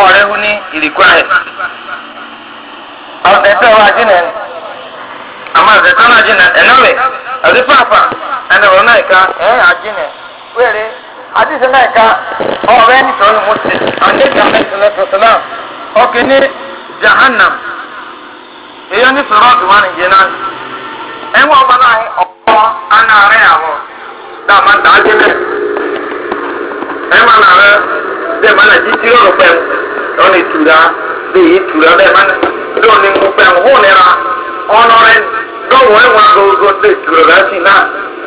ọ̀rẹ́ hu ní ìlìkọ́ ẹ̀. ẹ̀tọ́ wa jìnnà ẹ̀ àmọ́ ẹ̀tọ́ náà jìnnà ẹ̀nọ́wẹ̀ àti pàápà ẹ̀nà ọ̀rọ̀ náà ìka ẹ̀ àjìnnà wẹ̀rẹ̀ àdìsẹ́ náà ìka ọ̀rẹ́ nítorí mo ti àndé ìjàmbá ìṣẹ̀lẹ̀ tòṣìlá ọkẹ́ ní jahannam èyí ní sọ̀rọ̀ ọ̀dùnmá nìyẹn náà ẹ̀wọ̀n ọba náà ọ̀pọ̀ aná rẹ̀ àwọ̀ dàmà dàá jẹ́ bẹ́ẹ̀ ẹ̀wọ̀n náà rẹ̀ bẹ́ẹ̀ má nà jí jí lọ́rọ̀ pẹ́ẹ́ ɔne tura bee yi tura bɛɛ ma ne dɔw ne ŋun ɔnɔrɛ dɔw wɛ ŋun aɖewo de tura la si na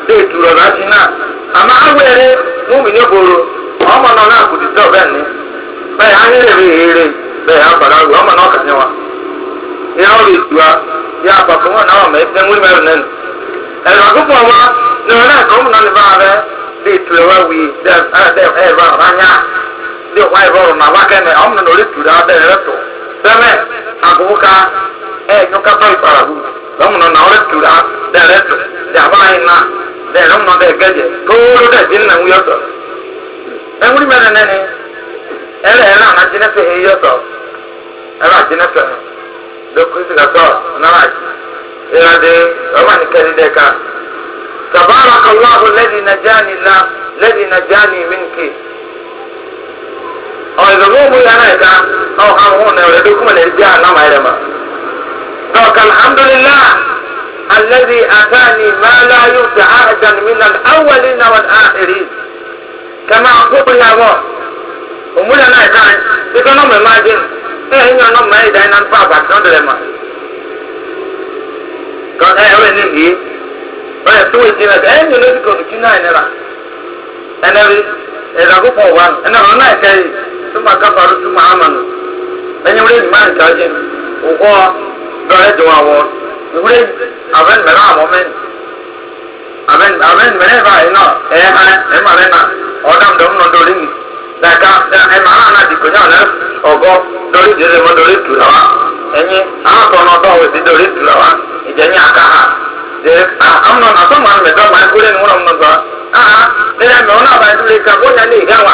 de tura la si na ama awɛrɛ ŋun mi ne bolo ɔmɔ nɔ na kuti tɔ bɛ ne bɛɛ ahele bi hele bɛɛ abara wu ɔmɔ nɔ kanyɛ wa ya ɔle tura ya abakɔ ŋun na ɔmɛ ɛfɛ ŋun mɛ ne no ɛlɛ akoko wa ne ɔlɛ kɔmu na ba bɛ de tura wa wi dɛ ɛ dɛ ɛ ba ɔba nya de hwai rɔrɔ na wakɛ na ɔmu e, na ɔle tura dɛ ɛrɛ tɔ sɛmɛ agogo ka ɛ nyɔ e, e, ka tɔ na ɔle tura dɛ ɛrɛ tɔ dɛ aba yi na dɛ ɛrɛ mu na dɛ gɛdɛ tóoro dɛ di na ŋu yɔ tɔ ɛŋuri mɛ nɛnɛ ni ɛrɛ ɛrɛ ana dzi nɛfɛ eyi yɔ tɔ ɛrɛ adzi nɛfɛ dɔkɔ esi ka tɔ ɔnara adzi ɛrɛ adi ɔma ni kɛ tabarak allahu lɛdi najani la lɛdi najani minke ọ̀rẹ́dọ̀gbọ́gbọ́ yà náà ẹ̀dá ọ̀hán hún náà ọ̀rẹ́dọ̀ kúmọ̀ náà ẹ̀dí àná máa ẹ̀rẹ̀ ma. dọ̀kà alhamdulilá alẹ́bi àtàní mẹ́lá yóò fi àhàjàn mí nà áwọ̀lì náà wọ́n á èrè. kẹ́mà àkókò yà wọ̀ òmùlẹ̀ náà ẹ̀dá ikọ́ náà mẹ́ máa dín ẹ̀ ẹ̀ yàn náà máa ẹ̀dá iná fún àbàtì náà dẹ̀rẹ̀ ma. kọ́ ẹ̀ ọ̀rẹ́ ní ìyí ọ̀rẹ́ tó wẹ̀ sí ẹ̀ ẹ̀ yàn lóṣù kọ̀ọ̀kì náà ẹ̀ ثم كفروا ثم آمنوا لن يولد ما يتعجن وقوة بعد وعوان يولد أبن مرام ومن أبن أبن من إبا إنا إما إما لنا ọdam dọm nọ dọrọ mu daka ẹ maa nana di konya ọlẹ ọgọ dọrọ ìdílé mọ dọrọ ìtura wa ẹnyin ahọtọ náà dọwọ ìdí dọrọ ìtura wa ìjẹnyin aka ha de amúnà asọmọ àmì dọmọ ẹkúrẹ ni wọn náà mọ gbọ ah ah lẹyìn àmì wọn náà bá ẹdínlẹ ká bóyá lè gá wa.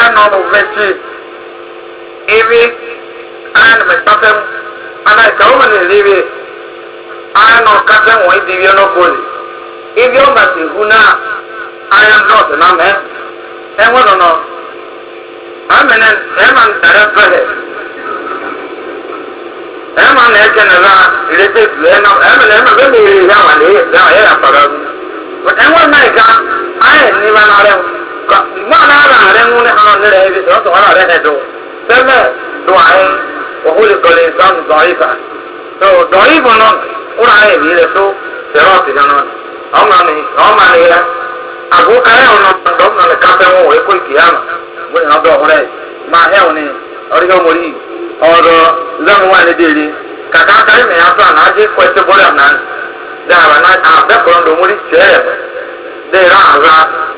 ano no vɛkyi ebi ano mɛ kpasɛm ana ɛka wɔn ne lebi ano kasɛm wɔn edibi no goli ebi ɔba ti hu na iron rod na mɛ ɛwɔ no no ɛmɛ ne ɛma ntɛrɛ pɛlɛ ɛma na ɛkyɛ ne la ɛrɛte tu ɛna ɛmɛ na ɛma bɛ mi yɛ yɛ awa ne yɛ yɛ apara mu ɛwɔ na ɛka ayɛ niba na rɛ mu. معنى أنا علمون إحنا نرى هذه الصلاة وأنا عليها دو سمع دعاء وخلق الإنسان ضعيفا تو ضعيف نون قرآن يبيه لسو صراط جنون هم عني هم عني يا أبو كايا ونون دوم نون كاتم هو يكون كياما بني نبدو هنا ما هي وني أريد أموري أو زمن وين ديري kàkà kárí mi yàtọ̀ àná ajé kwẹsí bọ́lá náà dàbà náà abẹ́kọ̀ọ́ ndomori tiẹ̀ dèrè àzá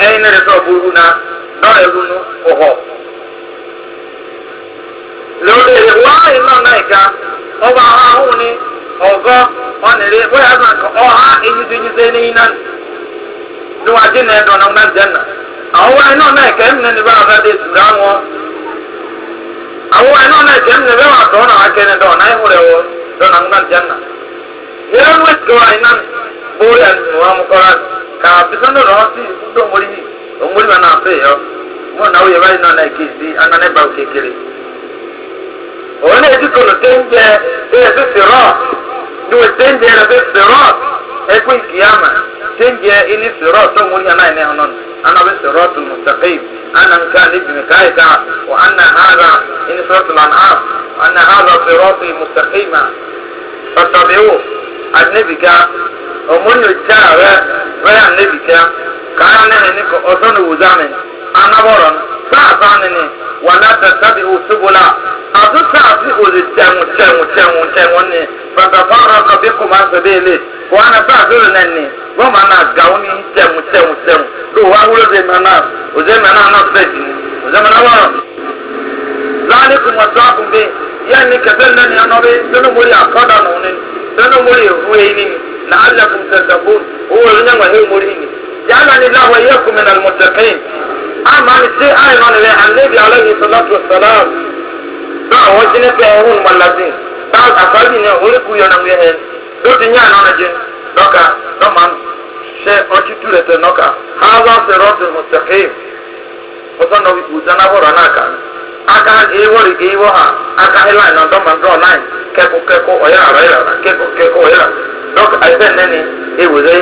ɛyin ne de sɛ ɔburu na dɔɔ ɛru no wɔ hɔ lóde wáá iná náà ìka ọba ha ahóhùn ni ọgọ ọnìrè bóyá ẹgbẹ nǹkan ọha enyidó enyidó n'eyin náà ni wàá di nà ẹdọ náà náà jẹnà àwọn wáá iná náà ìka ẹmu nínú báwa bá dé ìtura wọn àwọn wáá iná náà ìka ẹmu nínú báwa dọ̀ na bisono rɔɔsi do mori mi o mori ma naa fɛ yɔ mo na o yɛ bayi nɔna eke si ana ne ba o kekele òun náà ti kolo téńjẹ bẹ́ẹ̀ fi sirọ́ ni o téńjẹ rẹ fi sirọ́ ẹkú ìkìyàmà téńjẹ ilé sirọ́ tó mori ana yẹn hàn nọ ana fi sirọ́ tó mustaqim ana nka ne bìnnì káyì ká wa ana hàrà ẹni sirọ́ tó lànà ana hàrà sirọ́ tó mustaqima pàtàkì wò annabiga omunyo chara we annabiga kana nene ni ko osono uzame anaboron sa sane ni wala tatabi usubula azu sa fi ozi temu temu temu temu ni fatafara kabikum asabili ko ana sa zulu nene wọ́n máa na gàwọn ní tẹ̀mù tẹ̀mù tẹ̀mù ló wá wúlò dé mẹ́rin náà òzè mẹ́rin náà náà fẹ́ẹ̀ jì òzè mẹ́rin náà wọ̀rọ̀. láàrin kùmọ̀tò àkùnbé yẹ́n ní kẹfẹ́ lẹ́nu ẹ̀nà bí sínú mórí àkọ́dà nù ní nanu muri ehu eyi ni la'allakum tattaqun huwa nyangwa he muri ni jalani lahu wa iyyakum min al-muttaqin ama ni se ayi non le annabi alayhi salatu wassalam da o jine pe hun malazin ta afali ne hore ku he do ti nya doka se noka hawa aka ịwọrị gi iwo ha aka hila e na dɔm and draw kekụ kekụ kɛko ɔyɛra ɔyɛra kekụ kɛko ɔyɛra dɔk ayise nɛni ewuze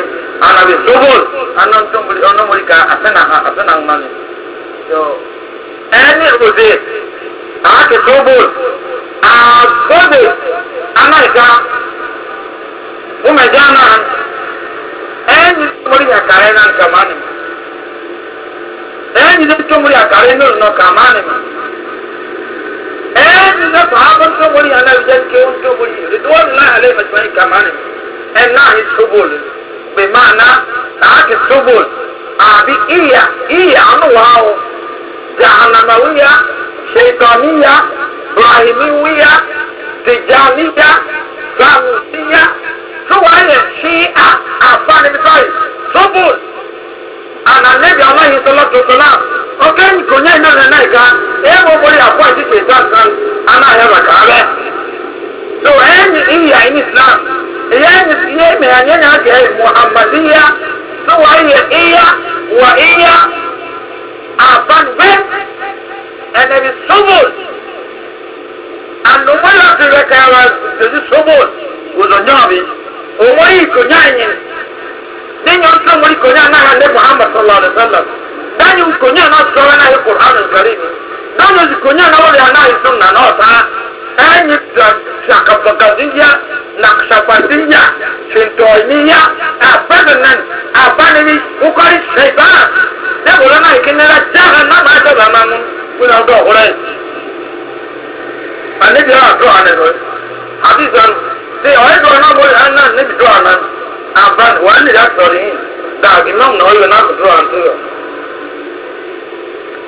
anabi sobol anɔntomori ɔnɔmori ka asena ha asena ŋmani yɔ ɛni ewuze ake sobol ẹni na sahaba sọgbọn yìí anáwó jẹ kí wọn sọgbọn yìí rìdíwọn náà alẹ mẹsàn-án yìí kàmá ni ẹ náà yìí sọgbọn bẹ máa ná láti sọgbọn àbí ìyà ìyà ànúwàáwò jahannamawiya shaitaniya rahimiwiya tijaniya sanusiya sọwọ́nyẹ ṣíà àfáàní bísọ̀yì sọgbọn ànàlẹ́bí aláyé sọlá tó sọlá ọkẹ́ nkonnwa iná nínú ẹ̀ka ẹ̀ bọ̀ bọ̀ yà pọ̀ ẹ̀dí kẹta nǹkan aná ayé bàtà abẹ́. so ẹ̀yẹ́ ní iyì àyè ní islam ẹ̀yẹ́ ní iye mìíràn yẹn ní àgẹ̀ muhammadiya so wà iyẹ iya wà iya àbàngbé ẹ̀nẹ̀bi sobol ànùmọ́lá ti rẹ̀ kẹ́ ẹ̀rọ ẹ̀dí sobol wòlò nyọ́ọ̀bi òwò yìí kò nyá ẹ̀yìn ní nyọ́nsẹ́ mọ́lì kò nyá náà ẹ̀ muhammad sallallahu alayhi wa sallam dani nkonya na sɔrɔ na ye kur'an nkari ni dani nkonya na wɔle ana yi sunna na ɔtaa ɛnyi sakafakadiya nakshapadiya sintɔniya abadanan abanibi ukɔri sɛba ne wòle na yi kenera jaha na ma dɔ la ma mu kuna dɔ wòle ani bi a dɔ ani dɔ abi zan de ɔye dɔ na wɔle ana ne bi dɔ ana aban wa ni ya sɔrɔ yin daa imam na ɔye na dɔ ana to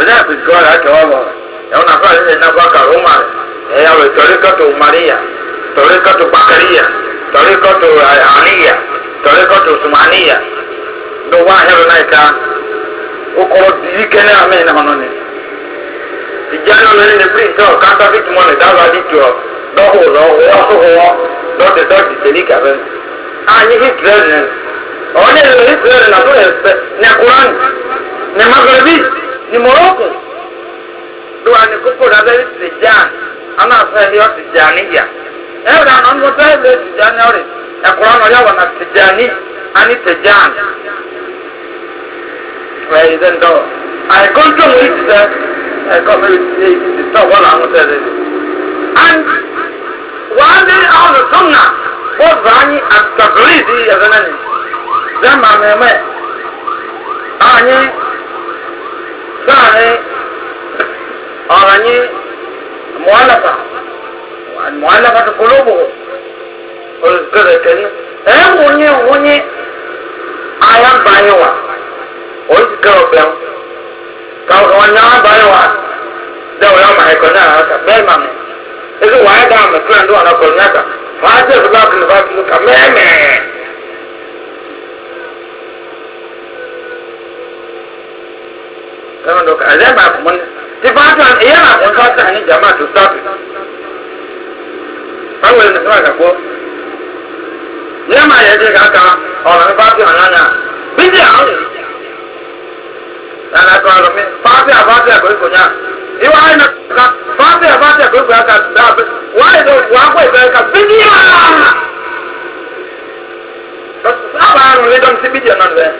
ọjọ́ àpèjì ọ̀rẹ́ àtẹwà bọ̀ ẹ̀wọ̀n náà fún àdéhùn náà bọ́ọ̀kà roma ẹ̀yà rẹ̀ tọ́lékọ́tò maria tọ́lékọ́tò bakaria tọ́lékọ́tò aniya tọ́lékọ́tò sumaniya ló wá ahẹ́rọ náà ká okòrò dìbí kẹ́lẹ́ àmì ẹ̀ náà nọ́ni. ìjà náà lórí ní píríntì ọ̀ káńtà fíìtì mọ́ni dáhùn àdìtò lọ́hùn lọ́hùn lọ́hùn lọ́dẹ dọ́ọ̀dì tẹ̀lé kàfẹ́. àyè hìtìrẹ́lì ọ̀ọ́ ní ìlú hìtìrẹ́lì náà tó yẹ ní ẹ̀kúrán ní ẹ̀ ní morocco ló wà ní kókó lábẹ́ tìjàn àná àfẹ́ yọ tìjàn níyà ẹ̀rọ àná ń lọ bẹ́ẹ̀ lé tìjàn náà rè ẹ̀kọ́ àná yà wà ná tìjàn ní àní tìjàn. wẹ́ẹ́ ìdẹ́ ńdọ́ àìkọ́ ń tún wọ́n ti sẹ́ ẹ̀kọ́ mẹ́rin ti ṣe ìdí tó wọ́n là ń tẹ̀lé. and wàá lé àwọn sọ́nà wọ́n bá yín àtàkùrì sí ẹ̀fẹ́ náà ní láàrin ọ̀rọ̀ yín mọ́álàfà mọ́álàfà tó polówó olùgbẹ̀rẹ̀ kẹ́ni ẹ̀ wọ́n yín wọ́n yín ayábáyé wa olùgbẹ̀ ọ̀bẹ̀ wọn ní ayábáyé wa dẹ́wọ̀ yá máa ẹ̀kọ́ náà ọ̀tà bẹ́ẹ̀ mà mí ẹ̀sìn wàá dá àmì kíláà ní wàhálà kọ̀ọ̀nù náà kà fàájì ẹ̀fọ́ bá kìlọ̀ bá kà mẹ́ẹ̀mẹ́ẹ̀. lọ́wọ́ dọ̀ka ẹ̀rẹ́ bá kùn mọ́ ní ti bá tó ẹ̀yẹ́ bá kùn tó ọ̀sẹ̀ ní jàmbá tó sáàpì. báwo ni sọ́wọ́ àgbàgbọ́ ní ẹ̀ máa yẹ ẹ̀jẹ̀ kàkà ọ̀rọ̀ mi bá ti ti sábà dọ́m sí bídìí ọ̀nà rẹ̀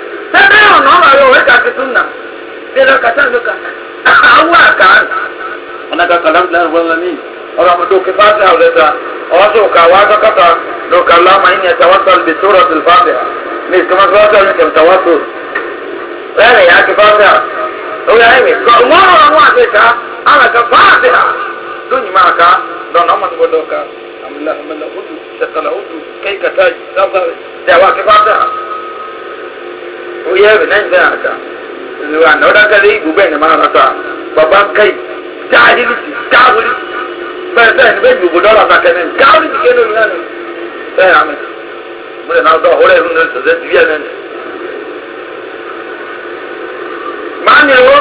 ọ̀nà rẹ̀ kà ti tún nà. sai da ka san duka awa kan ana ka kalam da wannan ne ora mu doke fata ulata wato ka wa ka kata do kallama in ya tawassal bi surati al-fatiha ne kuma fata ne kan tawassul wala ya ka fata o ya ne ko mu mu ase ka ana ka fatiha dun ma ka don amma ko do ka amla amla udu shakala udu kai ka ta da wa ka fata o ya ne da ka nura na ọdọ akẹrẹ ìgbò bẹẹ ni máa ń rọtọ bàbá kẹyì jáàlìlù ti jáàlìlù bẹẹ bẹẹ ni bẹẹ ju òbò dọlà kẹkẹrẹ jáàlìlù ti kéde òmìnira ni bẹẹ àmì mo lè náà dọ ọwọlẹ ìlú ní ọsẹ ti bí ẹ lẹnu. màá ní ewo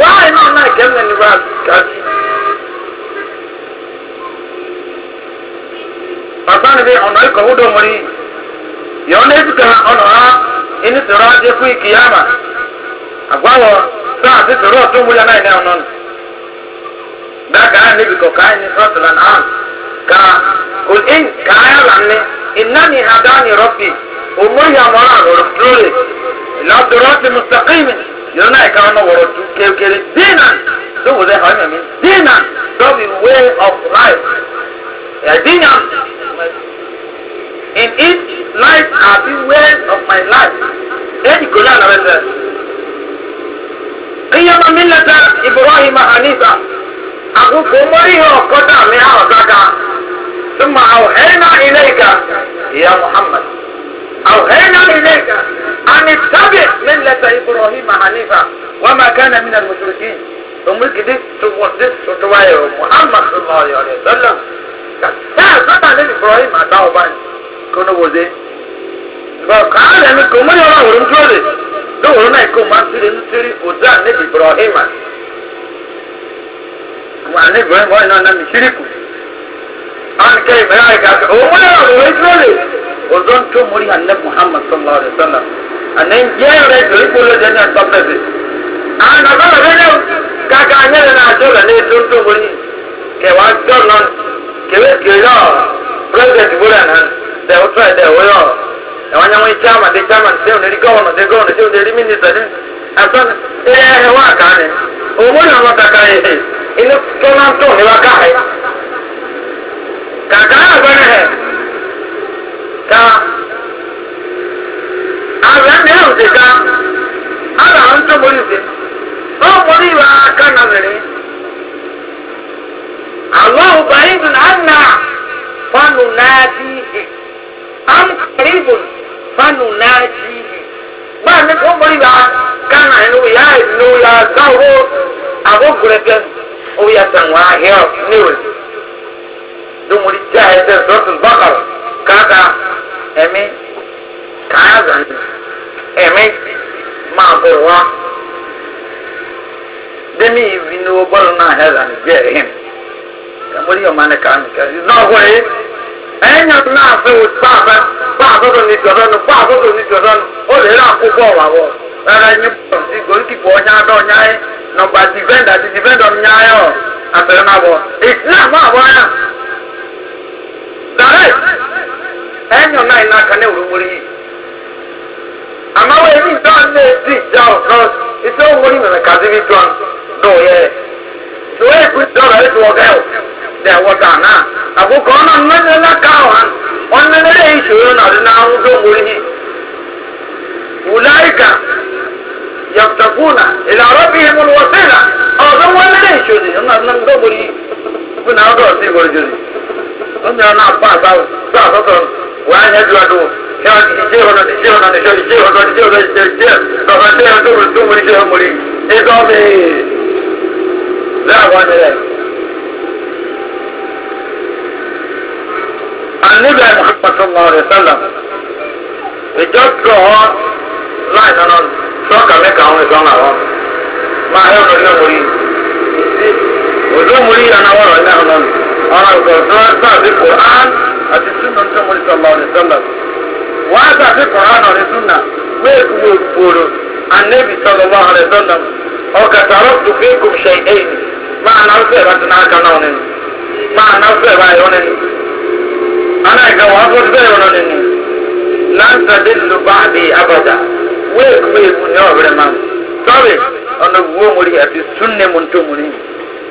wáyé náà náà jẹ́ mi ní wá kàdí. bàbá mi bí ọ̀nà ikọ̀ wúdò mọ́rí yọ̀ọ́ ní ini toro je ku ikiyama agwawo saa ti toro to mu ya na ina onon da ka ne bi ko ka ni suratul an'am ka kul in ka ya lanne innani hadani rabbi umuri ya mara ro tole la dirati mustaqim yona e ka no woro tu ke ke dinan do wo de ha mi dinan do the way of life ya dinan in it life are the ways of my life ẹni kò lánàá rẹ lẹ. kíyàmá mílẹ̀tà ibrahim hanifa Aku kumari ho kọ́tà me àwọn kàkà sọ́mà au hena ìka ya muhammad Au hena ìka àni tábì mílẹ̀tà ibrahim hanifa wọ́n máa kánà mí nà mùsùlùmí òmùsùlùmí tó wọ́n dé tó wáyé o muhammad sọ́mà ọ̀yọ́ rẹ̀ sọ́lá. sáà sọ́tà ní ibrahim àtàwọn báyìí kó kaana ni kò mọ́ni ọ̀rọ̀ òun tó lè lóòrò náà kò máa tiri ń tiri ọ̀dà níbi ibrahima wà ní ibrahima ọ̀yìn náà nàmi ṣíríkù ànkẹ́ ìmọ̀lá ìka kò mọ́ni ọ̀rọ̀ òun tó lè ọ̀dọ́ tó mọ́ni àná muhammad sallallahu alayhi wa sallam àná ń jẹ́ rẹ̀ torí kúló jẹ́ ní ọ̀tọ́ pẹ̀lú àná bá wà lẹ́yìn kàkà anyẹ́rẹ́ náà tó rẹ̀ ní tó tó mọ́ni kẹwàá jọ̀ọ́ náà kẹwàá kẹwàá ɛwanya wɔn chairman de chairman de sɛwọn de gɔvɔnɔ de gɔvɔnɔ sɛwọn de minista de asɔn ɛyɛ ɛhɛ wa kan ne owó ni wọn kaka yɛ hɛ ɛni tɔnna tó ni wa ka hɛ kaka yɛ bɛ ne hɛ ka azɛ ne yɛ ose ka ala an tó mori se ɔmori wa ka na mɛri alahu bayi dun ana fanu naati am karibun fanu n'aji bá a nẹ́tọ́ wọ́n yà gánà ẹnu yà ẹnu yà gáwó àgógùrẹ́gẹ́ ó yà tàn wá hẹ́ọ̀ níwèé domori jẹ́ ẹ̀dẹ́ sọ́tún bákàrọ̀ káàkà ẹ̀mí káàzà ẹ̀mí máa bọ̀ wá dẹ́mi ìwé ni wọ́n bọ́ọ̀lù náà hẹ́zà ni jẹ́ ẹ̀hìn kàmúrí ọ̀ma ni kàmí kàmí náà wọ́n ẹ̀yàn náà fẹ́ wò bá fẹ́ bá àtọ́tò ní ìjọba bá àtọ́tò ní ìjọba ó lè rà kó bọ̀ wà wọ̀ rárá ẹni bọ̀ sí goríkìpọ̀ ọ̀nyá dọ̀ ọ̀nyá yẹ nọmba dìvẹ́ndà ti dìvẹ́ndà ọ̀nyá yẹ ọ̀ àtẹ̀rẹ̀ náà wọ̀ ìsìlámù àwọ̀ yà dàrẹ́ ẹ̀yàn náà iná kan ní òwúrọ̀ yìí àmọ́ da wata na agogo ọ̀nà mẹ́lẹ́lá káwọn ọ̀nà lẹ́lẹ́ ìṣòro náà ní àwọn ọdún ní wùláìkà yàtàkùnà ìlàrọ̀ bí i múlùwọ̀ sílà ọ̀dọ́ wọn lẹ́lẹ́ ìṣòro ọ̀nà ọdún mọ̀ ní fún àwọn ọdún ọ̀sìn ìwọ̀n ìjòyè wọ́n ti rán apá àbáwọ̀ tó àkọ́kọ́ wọ́n á yẹn dúró dùn ṣé wọn ti ṣe ọ̀nà ti ṣe ọ̀nà ti ṣe ìṣe ọ̀nà ti ṣe ọ̀nà ti ṣe ìṣe ọ̀nà ti ṣe ọ̀nà tó mọ̀ ní ṣe ọmọ rí ẹgbẹ́ ọmọ ẹ̀ láwọn ẹ̀ annabi muhammad sallallahu alaihi wasallam ìjọ tó ọ láì nánà sọ́ọ̀kà mẹ́ka àwọn ìṣọ́ náà wọn máa yọ ọ̀dọ̀ ilé múrí òjò múrí anáwọ̀ ọ̀rọ̀ ilé ọ̀nà ọ̀rọ̀ ìṣọ̀ tó ń sàbí quran àti sunna tó múrí sallallahu alaihi wasallam wọ́n á sàbí quran ọ̀rẹ́ sunna wéèkú wo gbòòrò annabi sallallahu alaihi wasallam ọ̀kà tààrọ̀ tó fi kùm ṣe é máa náà fẹ́ẹ̀ bá ti náà kan náà nínú máa náà ana ga wa ko da yoro ne lan tadillu ba'di abada we ko e mun yo bere man sabe ono wo muri ati sunne mun to muri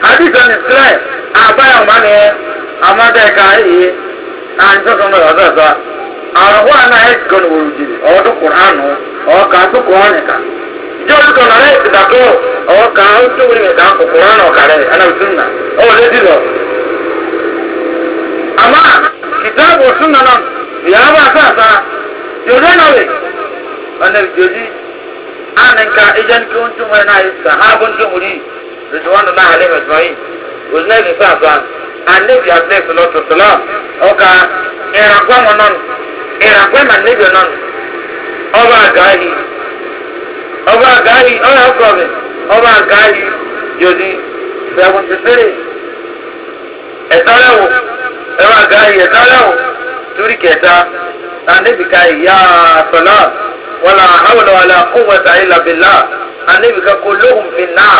hadith an islam aba ya mane amada ka yi an to ko no da da ara wa na e ko no wuri o to qur'an o ka to ko ne ka jọ́sí kan náà lẹ́yìn ìgbà tó ọ̀wọ́ kan ó tó wúlò ìgbà kòkòrò náà ọ̀kà rẹ̀ ẹ̀nà ìtúnà ọ̀wọ́ lẹ́sìn lọ. àmọ́ kitabu wa sunna nan ya ba sa sa jojo na we wannan joji anan ka idan ki untu mai na sahabun ki muri rizwanu na alaihi ajma'in wazna ki sa sa annabi alayhi salatu ka era kwa mo era kwa man non o gahi o gahi o ya ko be o ba ẹ máa ga ìyẹ̀tá lẹ́wọ̀n lórí kẹta anabika ìyá sọlá wàlà hàwùlà wàlà kúwẹ̀tà ìlàbìlà anabika kò lóhùn fi náà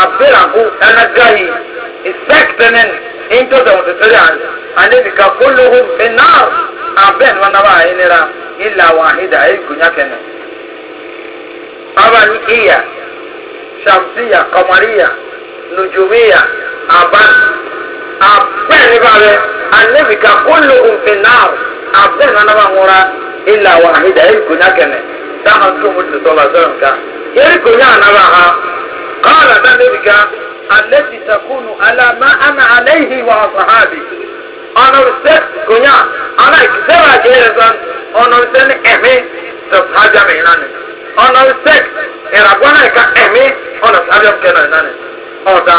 àbẹ̀ràkú ẹnagàyì ìsẹ́kìtẹ́nẹ́n ìjọba òtítọ́lẹ̀ àná anabika kò lóhùn fi náà abẹ́ẹ̀ wọn náà ayé nira ilà àhídà ayé gònyà Abali iya, shamsiya, kamariya, nujumiya, aban, abẹ́ẹ̀ni bá rẹ anabi ká kó ló ń fi náà abẹ́ẹ̀ni bá náà ŋura ilà wà hídà yẹ́rì kò ní akẹ́nẹ̀ dáhà tó mo ti sọ̀rọ̀ sọ̀rọ̀ ká yẹ́rì kò ní ànábà ha kọ́ọ̀lá dá anabi ká alẹ́sì takunu alámà alẹ́yìí wà sàhábì ọ̀nàbì sẹ́ kò ní àná ìkìsẹ́wà kẹ́yẹrẹ sàn ní ẹ̀mí sọ̀hájàmì nánì ọ̀nàbì sẹ́ náà ká ọ̀dà.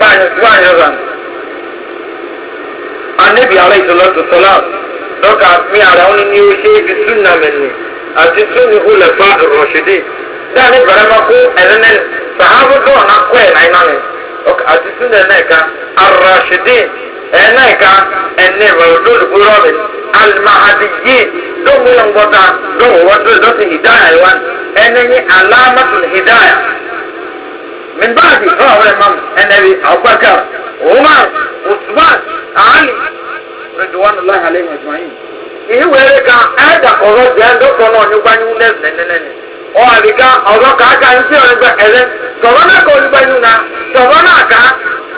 báyọ̀sán. anabi alẹ́ ìsọlá tó sọlá dọ́kà mi àrà wọn ni ó ṣe é fi súnà mẹ́nu àti súnì hulẹ̀ fa rọ̀ṣẹ̀dẹ̀. dáàni bẹ̀rẹ̀ máa kó ẹ̀rẹ́nẹ́ sàhábù dọ̀ náà kọ́ ẹ̀ náà nánẹ̀ àti súnà ẹ̀ náà ká arọ̀ṣẹ̀dẹ̀ ẹ̀ náà ká ẹ̀nẹ́ rọ̀lọ́dúnrọ̀mẹ̀ alimahadiyi dọ́gbọ́n gbọ́ta dọ́wọ́ wọ́n tó dọ́sí hidaya wa ẹ̀nẹ́ ní alámàtún hidaya. من بعد هؤلاء الإمام النبي أبو بكر عمر عثمان علي رضوان الله عليهم أجمعين ìyí wẹ̀rẹ̀ kan ẹ̀ẹ́dà ọ̀rọ̀ jẹ́ ẹ̀dọ́kọ̀ náà ní gbanyú nẹ́ẹ̀nẹ́nẹ́ni ọ̀hàbí kan ọ̀rọ̀ kàákà ń sí ọ̀rẹ́gbẹ́ ẹ̀rẹ́ sọ̀rọ̀ náà kọ́ ní gbanyú náà sọ̀rọ̀ náà ká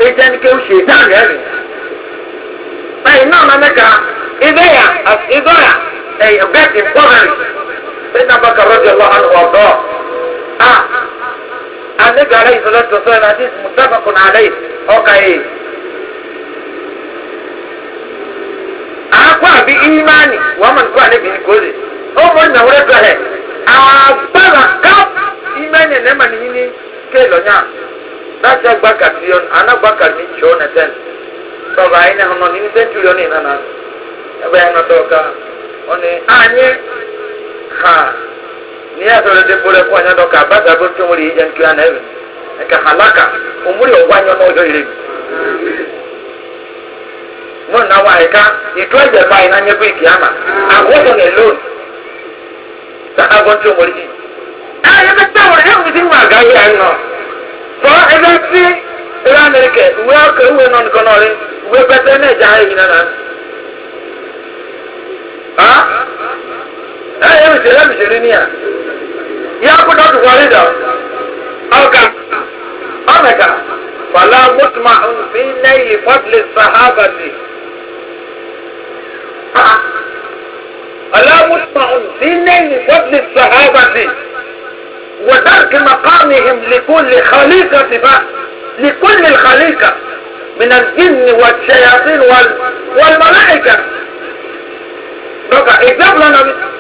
ẹ̀jẹ̀ ní kí ó ṣe dáàmì ẹ̀rìn. ẹ̀yìn náà máa mẹ́ka ìdọ́yà ìdọ́yà ẹ̀yẹ bẹ́ẹ̀kì pọ́nrẹ́rì النبي عليه الصلاة والسلام حديث متفق عليه أوكي akọ àbí ìmánì wọn mọ nípa níbi ìkórè ó mọ ní àwọn ẹgbẹ rẹ àgbàlá ká ìmánì ẹ̀ nẹ́ẹ̀mà nìyí ní kéèlò yá láti agbáka tìrìọ̀n anágbáka ní tìrìọ̀ nẹ̀tẹ́n sọ̀rọ̀ àyìn náà nọ nínú sẹ́ńtúrì ọ̀nà ìnáná ẹgbẹ́ yẹn nọ́tọ̀ ọ̀ka ọ̀nà ànyẹ́ ha. ni asọrọ de bolo ẹkọ ọnyá dọkà bàtà bó tó múlò nke kí wọn ẹwì ẹka halaka òmúlò ọgbà nyọ náà ọjọ ìrẹ mi. mọ náwó àyíká ìtú ẹjẹ báyìí náà nyẹ bó ìkì àmà àwọsọ nà lóòn sàkà ẹ̀yẹ́ mi tẹ̀lé mi ṣeré ní à yà á kó dọ́tù wọlé dọ̀ ọ̀gá ọ̀mẹ̀gà fàlà mùtùmá fi lẹ́yìn fọ́tìlì sàhábàtì fàlà mùtùmá fi lẹ́yìn fọ́tìlì sàhábàtì وترك مقامهم لكل خليقة بقى لكل الخليقة من الجن والشياطين وال... والملائكة بقى إجاب لنا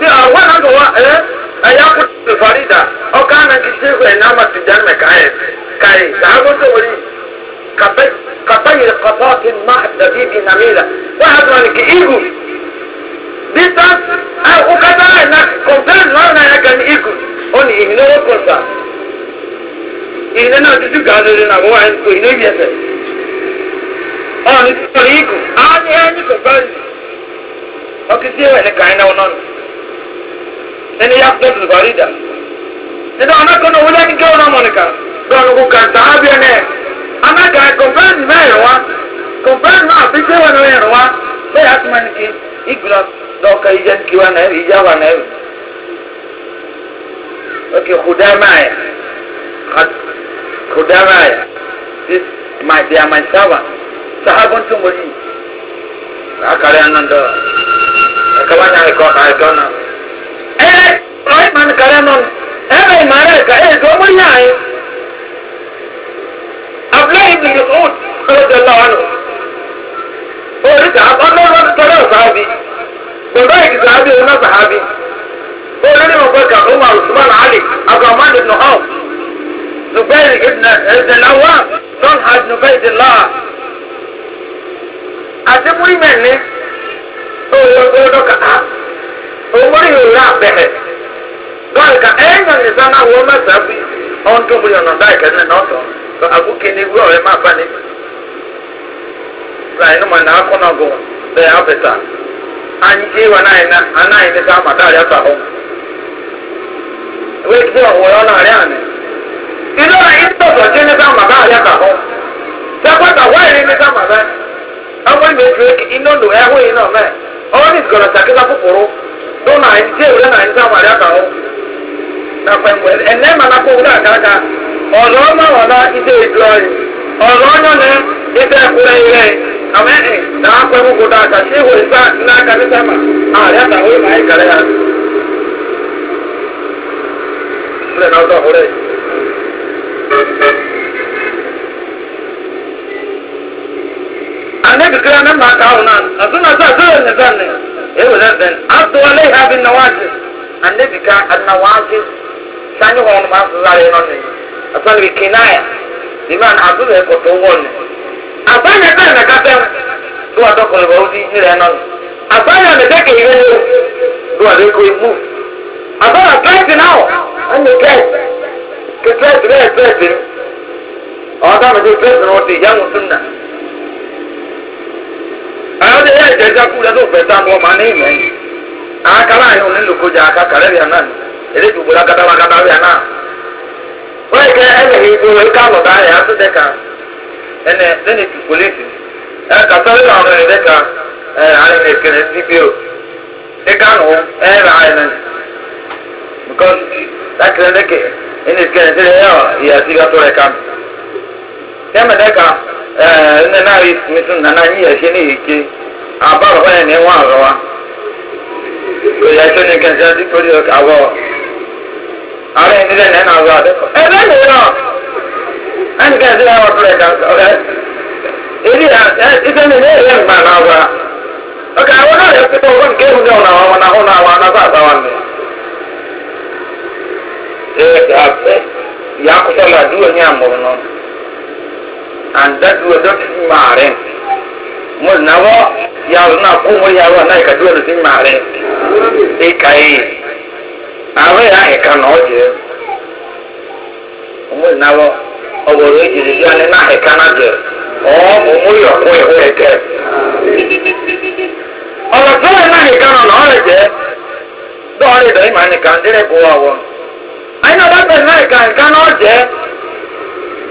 ti àwọn náà lọ wá ẹ ẹyà kó tó farida ọkà náà kì í ṣe ẹ náà má ti jáde mẹka ẹ káyé sàábó tó wọlé kàbẹ kàbẹ yìí kọtọ ti má dàbí di nàmìlà wọn àti wọn kì í hù bíta ẹ kó kátà ẹ náà kọmpẹ́n náà náà yà gà ní ìgù ó ní ìhìnà owó kọta ìhìnà náà dúdú gàdúrú náà wọ́n wà ní kò ìhìnà ìbí ẹsẹ̀ ọ̀ ní sọ̀rọ̀ ìgù á ní ẹ ní kọ̀ọ̀kan ọkì sí ẹ̀ ní kàn án náà wọn náà ɛni ya fɛ tu bari da ɛdɔ ana kɔnɔ wula ni gɛwuna mɔnika dɔɔni ko karisa ha bia nɛ ana ka kɔnfɛn mɛ yɛrɛ wa kɔnfɛn mɛ a fi se wa nɔ yɛrɛ wa bɛ y'a tuma ni ke i gbira dɔw ka ija ni kiwa nɛ ija wa nɛ ok kudama yɛ kudama yɛ this my dear my servant sahabon tumori akari anandɔ akaba ni ayikɔ ayikɔ na. ẹ ọ̀ìmán kàrẹ́ nọ ẹ bẹ ìmàrà ẹ̀ka ẹ̀ ẹ̀dọ́ mọ́ yá ẹ̀. abúlé ibi yusuf ọlọ́dọ̀ lọ́wọ́nù orí ta ọlọ́run tọ́lá ọ̀sáàbí bàbá ìdí sàábí ọ̀nà sàábí orí ni wọn kọ́ka umar usman ali abdulhamid ibn hawf zubair ibn ẹ̀dẹ̀láwà tọ́lhad nubaidillah àti múrímẹ̀ ní owó ọdọ́ka omori yóò rà bẹ́ẹ̀ lọ́rọ̀ ká ẹ̀yìn nìsan náà wọ́n má sábì ọ̀hún tó múlò ọ̀nà báyìí kẹ́lẹ́ náà tọ̀ lọ àbúkí na wúrọ̀ rẹ̀ má bá ní. Láì ní màá nàá kọ́nà gùn bẹ́ẹ̀ àbẹ̀tà. Anyi kí wà náà iná aná iná sá màdá rẹ̀ sà hó. Ìwé kí wọ́n wọ̀rọ̀ náà rẹ̀ àná. Ìlú rẹ̀ yìí na ndị ewure na ndị abalị aka hụ na kwemgbe ene ma na kwa ewure aka aka ọzọ ọma ọla ide edu ọyị ọzọ ọnyọ na ide ekwure ire ama ehe na akwa ekwukwu da aka si ihu ịsa n'aka ndị sama ahụ ya na hụ ma anyị gara ya ndị na ọzọ hụrụ ya ane kakra na mma aka ahụ na azụ na azụ azụ ya na ewu na zan abdu alai ha bin nawajis annabi ka annawajis sani hɔn ma zare nɔ ne asan bi kinaya iman adu bɛ kɔtɔ wɔn ne abanya bɛn na ka bɛn do a dɔkɔlɔ bɛ odi yɛrɛ nɔ ne abanya ne dɛkɛ yɛrɛ ne do a dɛkɛ yi mu abanya kɛntɛ na o ɛnɛ kɛntɛ kɛntɛ bɛrɛ bɛrɛ bɛrɛ ɔdɔ mi de bɛrɛ bɛrɛ o de yamu sunna àwọn ọdẹ yẹ ìjẹjẹ kú rẹ tó fẹ tá kọ máa ní ìmọ yìí àkàrà yìí òní lòkòjà àkàkàrẹ rẹ náà èdè ìdìbò lágàdá lágàdá rẹ náà wọn yìí kẹ ẹnì yìí gbowó ká lọdà rẹ àti dẹka ẹnì lẹni tù polisi ẹ kàtàrí àwọn ẹni dẹka ẹ àrẹ ní ìkẹrẹ níbi o dẹka nù ẹ rà ẹ nà because lákìrẹ dẹkẹ ẹni ìkẹrẹ ti rẹ ẹ ọ ìyàtí ká tó rẹ ká mi ɛɛ ne na yi mi so nana nyi yɛ hyɛ ne yɛ kye aba hɔ yɛ ne ho azɔwa o yɛ hyɛ ne kɛntɛn adi kori yɛ awɔ ara yɛ ne dɛ nɛ na azɔ adi kɔ ɛdɛ ne yɛ ɔ ɛni kɛ ɛdi yɛ wɔ to yɛ ka ɔkɛ ɛdi yɛ ɛ ɛdi ne yɛ yɛ mma na azɔ ɔkɛ awɔ na yɛ pepɔ wɔn ke ehu ne wɔn na wɔn na wɔn na wɔn na ba azɔ wɔn ne ɛɛ yɛ akɔsɛ la du yɛ ne amɔ and that were not maren mo nawo yaro na ko mo yaro na ka duwa sin maren e kai awe ya e ka no je mo nawo oboro je je ya na e ka na je o mo mo yo ko e ko e ke ọ̀rọ̀ tó lè náà nìkan ọ̀nà ọ̀rẹ́ jẹ́ dọ́ọ̀rẹ́ ìdọ̀yìn màá nìkan dírẹ́ bọ́ àwọn. àyìnbó bá bẹ̀rẹ̀ náà nìkan nìkan náà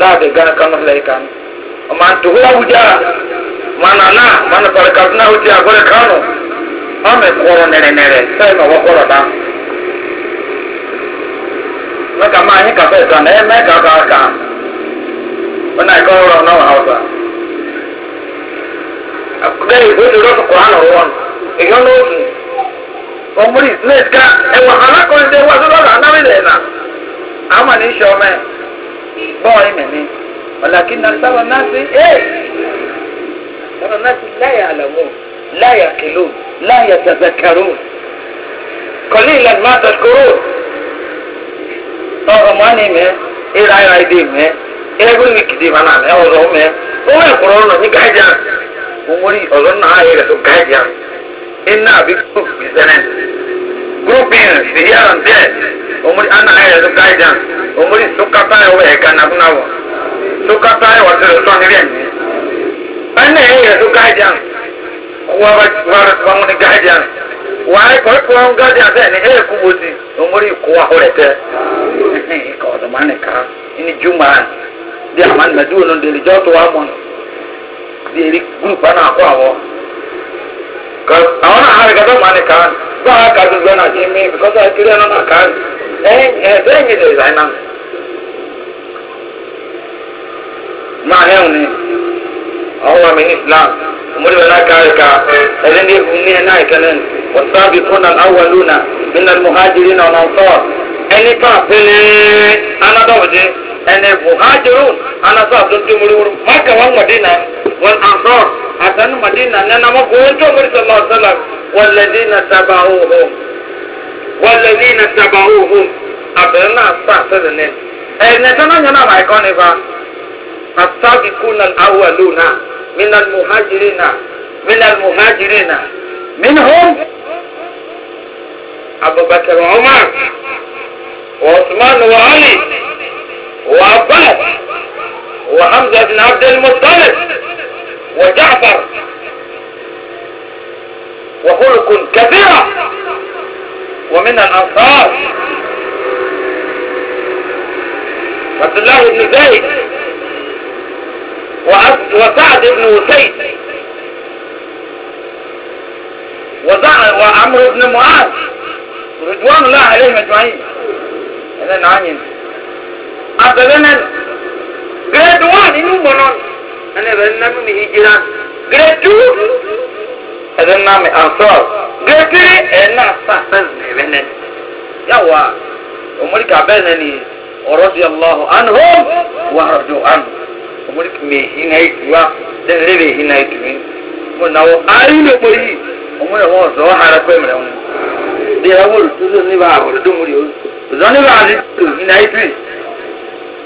láàbẹ̀ gánà kánú lẹ́yìn kánú ọmọ àtòwò awùjá mànàná mànà pàrọ̀ kàdúnà awùjá àgọ́rẹ̀ kánú ọmọ ẹ̀kọ́rọ̀ nẹ̀rẹ̀nẹ̀rẹ̀ sẹ́yìn na kọ́rọ̀ dá. mẹ́ka máa yín kàfẹ́ ìtàn ẹ̀ mẹ́ka kàkà wọn náà ẹ̀kọ́ ọ̀rọ̀ náà wà ọ̀sà. àkùdẹ́ ìgbésẹ̀ lọ́sùn kọ́ àná wọn èyàn ló sùn ọmọdé ìsìlẹ̀ ká ẹ̀wọ̀n alákọ̀ọ́lẹ̀ bọ́ọ̀ ìmẹ̀mí ọ̀làkí náà sábà náà sí ẹ́ sábà náà sí láyà àlàmú láyà kìló láyà tàzàkàrò kọ́lé ìlànà máa tàkóró ọ̀rọ̀ mọ́ ni mẹ́ ìlà ìlà ìdè mẹ́ ẹgbẹ́ mi kìdí ma náà mẹ́ ọ̀rọ̀ mẹ́ owó ìkọ̀rọ̀ ọ̀nà ní gáàjà òun wọlé ọ̀rọ̀ náà ayẹyẹ rẹ̀ tó gáàjà iná àbí kúrò gbèsè náà. grouping here and there omuli anayezo guidance omuli sukatayo wehekanaku nabo sukatayo waziroswani byenyi anayezo guidance wamuni guidance waye kwekuwamu guidance eni eyekubuzi omuli kuwahulete ikozomanika ini juman diamani maduono ndeli jotuwamono dieli group anakwabo Because I want to have a good money card. Go ahead, I can go and give me because I still don't have a card. Then, then it is, I know. Ma he uni. Allah min Islam. Umuri wala karika. Eleni uni na ikanen. والسابقون الأولون من المهاجرين والأنصار أني كافلي أنا دوجي أني مهاجرون أنا صاحب دوجي مرور ما كمان مدينة والأنصار حسن مدينة نما قولتو مرس الله صلى الله عليه وسلم والذين تبعوهم والذين تبعوهم أبرنا أستعصدن إيه، أي نتنا نما ما يكون إفا السابقون الأولون من المهاجرين من المهاجرين منهم أبو بكر وعمر وعثمان وعلي وعباس وحمزة بن عبد المطلب وجعفر وخلق كبيرة ومن الأنصار عبد الله بن زيد وسعد بن وسيد وعمرو بن معاذ رضوان الله عليهم اجمعين انا نعاني عبد الله جريد 1 انه بنون nane bɛ nna mi hijira grade two ɛdɛ nna mi ansɔr grade three ɛna sa fɛs na ɛbɛ nɛ yawa omori ka bɛ nɛ ni ɔrɔdi allahu anhu warɔdu anhu omori mi hina yi tuwa dɛnɛ bɛ hina yi tuwi mo na wo ayi ne kpori yi omori wɔn zɔn hara kpɛ mɛrɛ wɔn deɛ wɔn tuzo ne ba wɔn domori wɔn zɔn ne ba adi tu hina yi tuwi.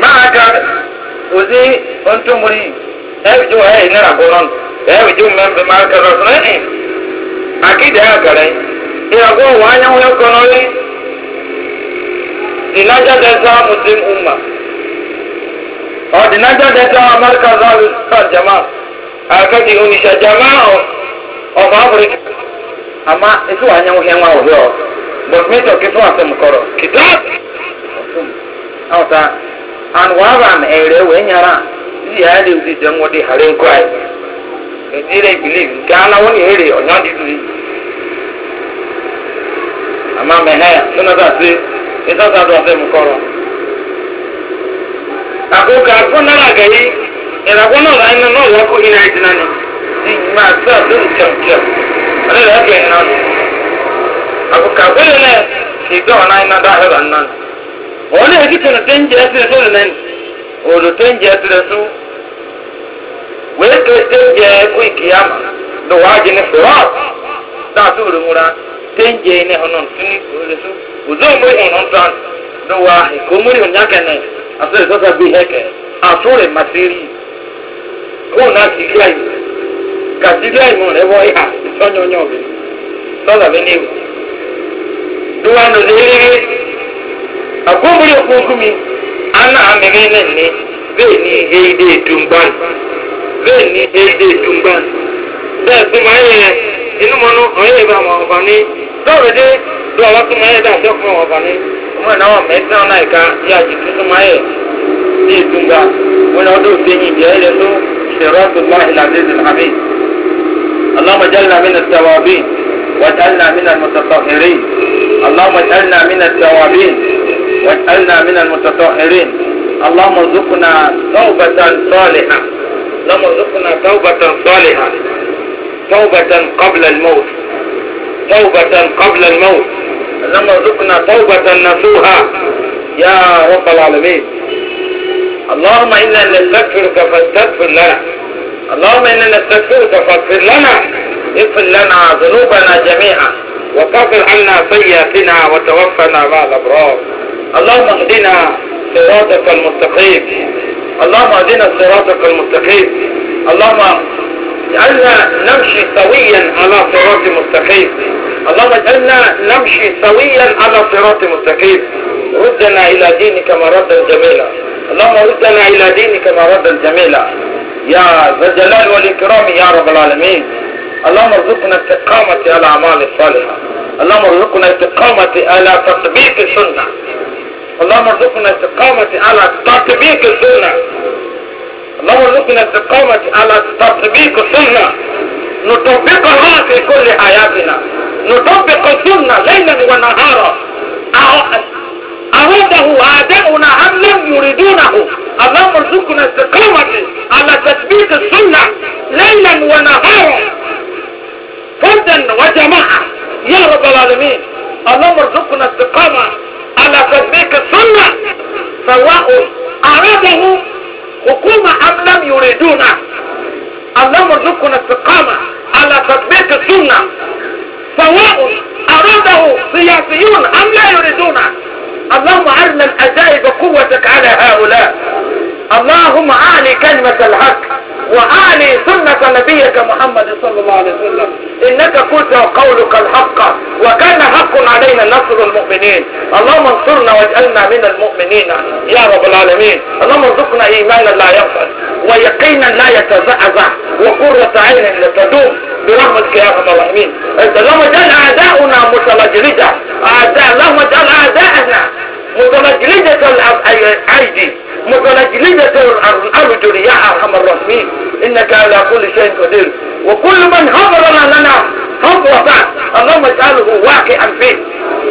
máa ga òsì ọ̀ntúnmùrì ẹ̀ẹ́dì wọ̀ ẹ̀yìn náírà gbọ́nà ẹ̀ẹ́dì jù mẹ́mbẹ́ máa kẹ́rọ̀ ọ̀sán ẹ̀ẹ́n àkídẹ̀ àgàrẹ́ ìyàgò wọ anyanwó ẹ̀kọ́ náà rí dìnnájà dẹ́sẹ̀ muslim umma ọ̀ dìnnájà dẹ́sẹ̀ amẹ́ríkà zọ́ọ̀lù sàn jama àkàdì oníṣẹ́ jama ọ̀f áfíríkà àmà ètò anyanwó hẹ́n wà wọ̀ bẹ́ẹ̀ ọ̀ bọ̀dùmẹ́tọ̀ kí fún àtẹ̀mùkọ̀rọ̀ kìtàbù àwọn sáà. and e e e na ere ewe nyara ndị ya dị ụdị dị ghara nkụ anyị ezire biliv nke anawụ na ere ọnyọ dị dị ama ya sịnọta sị ịsọta ọsị kọrọ akụkọ akụ nara agaghị ịrakwụ n'ụlọ anyị nọ n'ụlọ ọkụ ị na-eji ma ọ na ọkụ ị nọ akụkọ akụ ya anyị na wọn lè kí tẹ̀lé tó ń jẹ́ ẹsẹ̀ tó lè nani òòlù tó ń jẹ́ ẹsẹ̀ tó wèé tó tó ń jẹ́ ẹkú ìkìyàmà ló wá jẹ ní fúrọ́ọ̀ dáàtú òrùmúra tó ń jẹ́ ẹni ọ̀nà tó ní òòlù tó òzò mú ìhùn tó ń ló wá èkó múlì ònyá kẹ́nẹ̀ àti ìtọ́ta bíi hẹ́kẹ́ àtúrẹ̀ màtírí òun náà ti kíláyì kàtíláyì mọ̀ rẹ̀ wọ́ ìhà ìtọ́nyọ́nyọ́ bẹ̀ sọ́lá bẹ́ẹ̀ ní ìwò tó wá ń lò agbomuli okunkumi ana amere nene bee ni heide edumban bee ni heide edumban bẹẹ kuma yẹ inú mọnú ọyẹ ìbá ọmọ ọba ni dọwọrọ de dọwọrọ kuma yẹ dá àjọ fún ọmọ ọba ni ọmọ ìnáwó mẹsàn án náà ìka yà jù tuntun máa yẹ ní ìdúgba wọn náà اللهم اجعلنا من التوابين واجعلنا من المتطهرين اللهم اجعلنا من التوابين واجعلنا من المتطهرين اللهم ارزقنا توبة صالحة اللهم ارزقنا توبة صالحة توبة قبل الموت توبة قبل الموت اللهم ارزقنا توبة نسوها يا رب العالمين اللهم إنا نستغفرك فاستغفر لنا اللهم إنا نستغفرك فاغفر لنا اغفر لنا ذنوبنا جميعا وكفر عنا سيئاتنا وتوفنا مع الأبرار اللهم اهدنا صراطك المستقيم اللهم اهدنا صراطك المستقيم اللهم اجعلنا نمشي سويا على صراط مستقيم اللهم اجعلنا نمشي سويا على صراط مستقيم ردنا الى دينك مردا جميلا اللهم ردنا الى دينك مردا جميلا يا ذا الجلال والاكرام يا رب العالمين اللهم ارزقنا استقامة على الاعمال الصالحة اللهم ارزقنا استقامة على تطبيق السنة اللهم ارزقنا استقامة على تطبيق السنة اللهم ارزقنا استقامة على تطبيق السنة نطبقها في كل حياتنا نطبق السنة ليلا ونهارا أراده أعداؤنا أم لم يريدونه اللهم ارزقنا استقامة على تطبيق السنة ليلا ونهارا فردا وجماعة يا رب العالمين اللهم ارزقنا استقامة سواء أراده حكومة أم لم يريدونا اللهم ارزقنا استقامة على تطبيق السنة سواء أراده سياسيون أم لا يريدونا اللهم أرنا الأجائب قوتك على هؤلاء اللهم أعلي كلمة الحق وأعلي سنة نبيك محمد صلى الله عليه وسلم إنك قلت قولك الحق وكان حق علينا نصر المؤمنين اللهم انصرنا واجعلنا من المؤمنين يا رب العالمين اللهم ارزقنا إيمانا لا يغفل ويقينا لا يتزعزع وقرة عين لا تدوم برحمتك يا رب العالمين اللهم اجعل أعداؤنا متلجلجة أعداء اللهم اجعل أعداءنا متلجلجة الأيدي متنجلدة الأرجل يا أرحم الراحمين إنك على كل شيء قدير وكل من هضر لنا هضرة اللهم اجعله واقعا فيه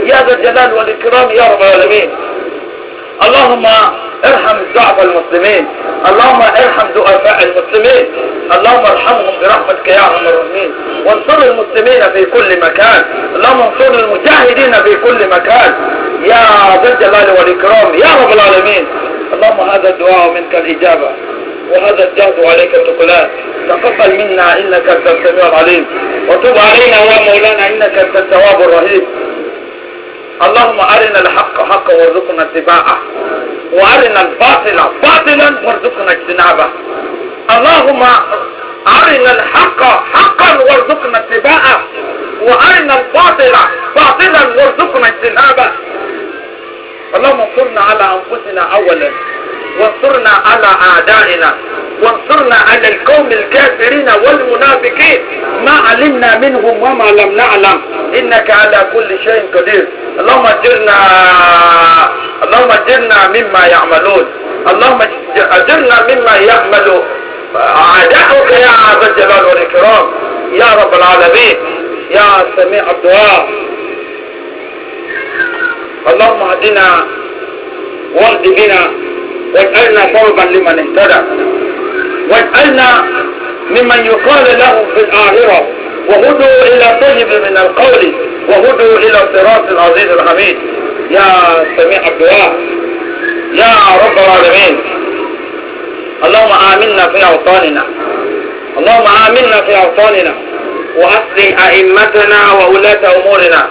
يا ذا الجلال والإكرام يا رب العالمين اللهم ارحم ضعف المسلمين اللهم ارحم ضعفاء المسلمين اللهم ارحمهم برحمتك يا ارحم الراحمين وانصر المسلمين في كل مكان اللهم انصر المجاهدين في كل مكان يا ذا الجلال والإكرام يا رب العالمين اللهم هذا الدعاء منك الإجابة وهذا الجهد عليك التقلان تقبل منا إنك أنت السميع العليم وتب علينا يا مولانا إنك أنت التواب الرحيم اللهم أرنا الحق حقا وارزقنا اتباعه وأرنا الباطل باطلا وارزقنا اجتنابه اللهم أرنا الحق حقا وارزقنا اتباعه وأرنا الباطل باطلا وارزقنا اجتنابه اللهم انصرنا على أنفسنا أولا وانصرنا على أعدائنا وانصرنا على القوم الكافرين والمنافقين ما علمنا منهم وما لم نعلم إنك على كل شيء قدير اللهم اجرنا اللهم اجرنا مما يعملون اللهم اجرنا مما يعمل أعداؤك يا عز الجلال والإكرام يا رب العالمين يا سميع الدعاء اللهم اهدنا واهد بنا واجعلنا سببا لمن اهتدى واجعلنا ممن يقال له في الآخرة وهدوا إلى طيب من القول وهدوا إلى صراط العزيز الحميد يا سميع الدعاء يا رب العالمين اللهم آمنا في أوطاننا اللهم آمنا في أوطاننا وأصلح أئمتنا وولاة أمورنا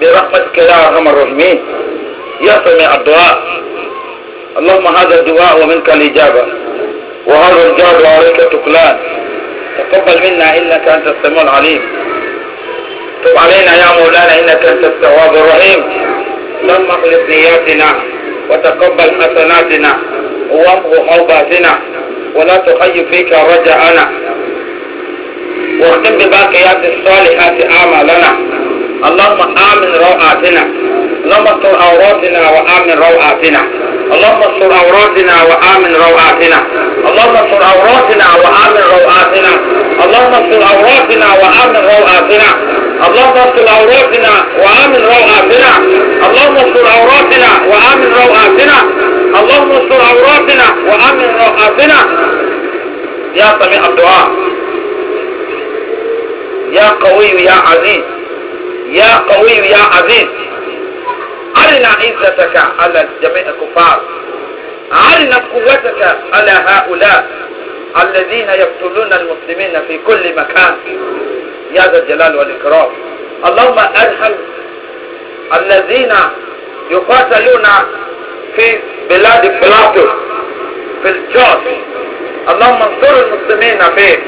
برحمتك يا أرحم الراحمين يا سميع الدعاء اللهم هذا الدعاء ومنك الإجابة وهذا الجار عليك تكلان تقبل منا إنك أنت السميع العليم تب علينا يا مولانا إنك أنت التواب الرحيم اللهم اخلص نياتنا وتقبل حسناتنا وامه حوباتنا ولا تخيب فيك رجعنا واختم بباقيات الصالحات أعمالنا اللهم آمن روعاتنا اللهم استر عوراتنا وآمن روعاتنا اللهم استر عوراتنا وآمن روعاتنا اللهم استر عوراتنا وآمن روعاتنا اللهم استر عوراتنا وآمن روعاتنا اللهم استر عوراتنا وآمن روعاتنا اللهم استر عوراتنا وآمن روعاتنا اللهم استر عوراتنا وآمن روعاتنا يا سميع الدعاء يا قوي يا عزيز يا قوي يا عزيز أرنا عزتك على جميع الكفار أرنا قوتك على هؤلاء الذين يقتلون المسلمين في كل مكان يا ذا الجلال والإكرام اللهم أرحم الذين يقاتلون في بلاد بلاطو في الجوش اللهم انصر المسلمين فيه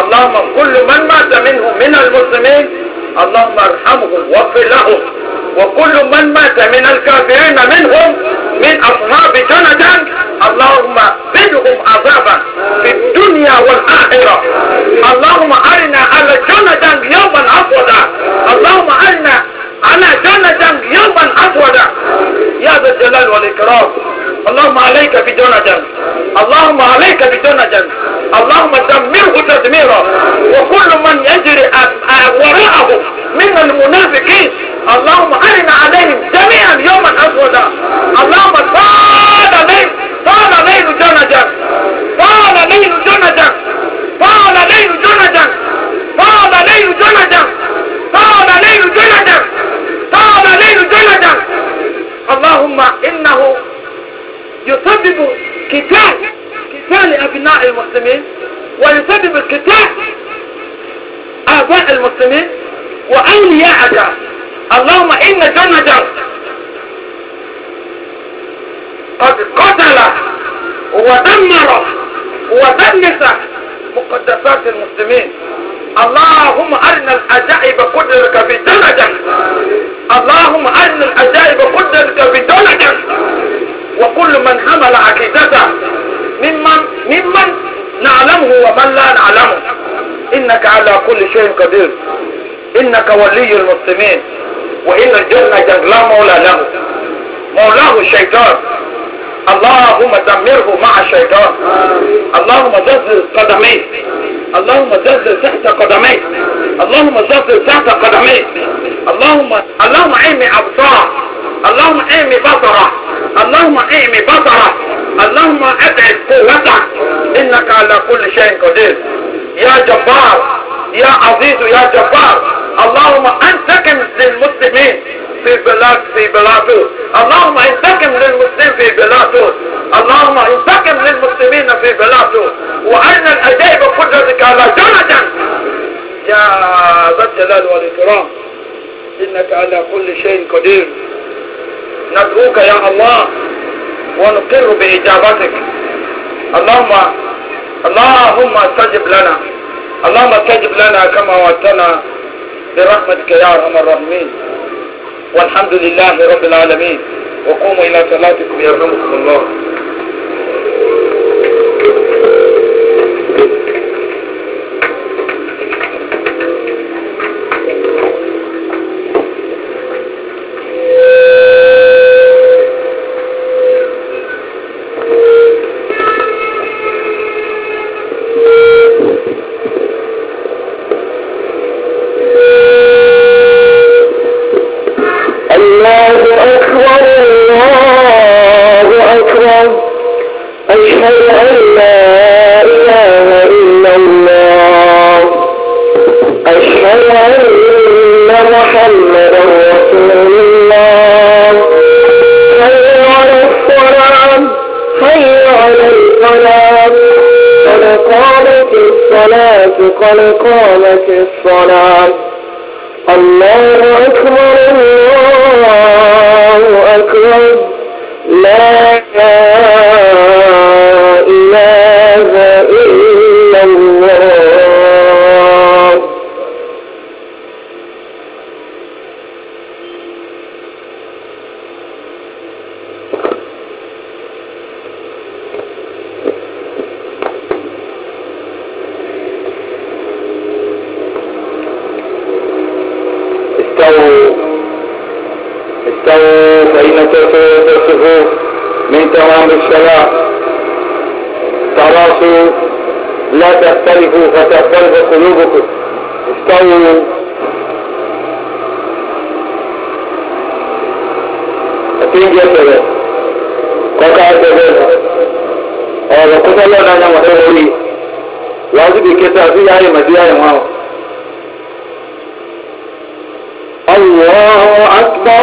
اللهم كل من مات منهم من المسلمين اللهم ارحمهم واغفر لهم وكل من مات من الكافرين منهم من أصحاب جندا اللهم منهم عذابا في الدنيا والآخرة اللهم أرنا على جندا يوما أسودا اللهم أرنا على جندا يوما أسودا يا ذا الجلال والإكرام اللهم عليك بجندا اللهم عليك بجندا اللهم دمره تدميرا وكل من يجري وراءه من المنافقين اللهم أرنا عليهم جميعا يوما أسودا اللهم طال ليل طال ليل جنجا طال ليل جنجا طال ليل جنجا طال ليل جنجا طال ليل جنجا طال ليل جنجا اللهم إنه يسبب كتاب أبناء المسلمين ويسبب القتال آباء المسلمين وأولياء عداء اللهم إن جندا قد قتل ودمر ودنس مقدسات المسلمين اللهم أرنا العجائب قدرك في بدرجة اللهم أرنا العجائب قدرك في بدرجة وكل من حمل عقيدته ممن ممن نعلمه ومن لا نعلمه إنك على كل شيء قدير إنك ولي المسلمين وإن الجنة لا مولى له مولاه الشيطان اللهم دمره مع الشيطان اللهم زلزل قدميه اللهم زلزل تحت قدميه اللهم زلزل تحت قدميه اللهم اللهم اعمي ابصار اللهم اعمي بصره اللهم اعمي بصره اللهم أبعد قوتك إنك على كل شيء قدير يا جبار يا عزيز يا جبار اللهم انتقم للمسلمين في بلاد في بلاده اللهم انتقم للمسلمين في بلاده اللهم انتقم للمسلمين في بلاده وأن الأجيب قدرتك على جنة يا ذا الجلال والإكرام إنك على كل شيء قدير ندعوك يا الله ونقر بإجابتك اللهم اللهم استجب لنا اللهم استجب لنا كما وعدتنا برحمتك يا أرحم الراحمين والحمد لله رب العالمين وقوموا إلى صلاتكم يرحمكم الله الصلاة قلوبكم استووا أتين جسد قطع جسد ọ̀rọ̀ kọ́kọ́ lọ́nà ní àwọn ọ̀rẹ́ orí wàásùbì kẹta sí ayé màdí ayé wọn. ọ̀wọ́ akpọ̀.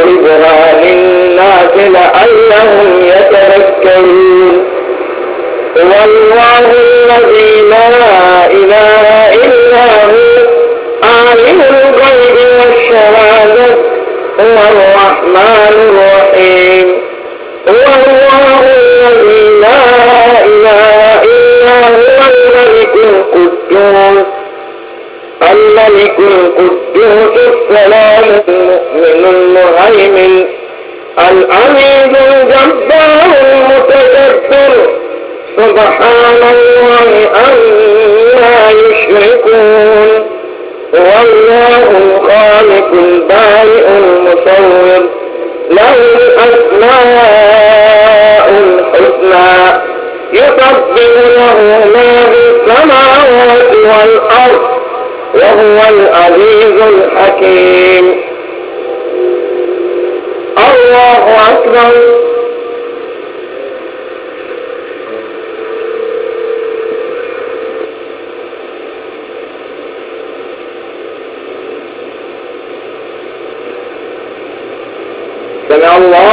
واضربها للناس لعلهم يتذكرون هو الله الذي لا إله إلا هو عالم الغيب والشهادة هو الرحمن الرحيم هو الله الذي لا إله إلا هو الملك القدوس الملك قدوس السلام المؤمن المهيمن الأمين الجبار المتكبر سبحان الله عما يشركون هو الله الخالق البارئ المصور له الأسماء الحسنى يسبح له ما في السماوات والأرض وهو العزيز الحكيم الله أكبر سمع الله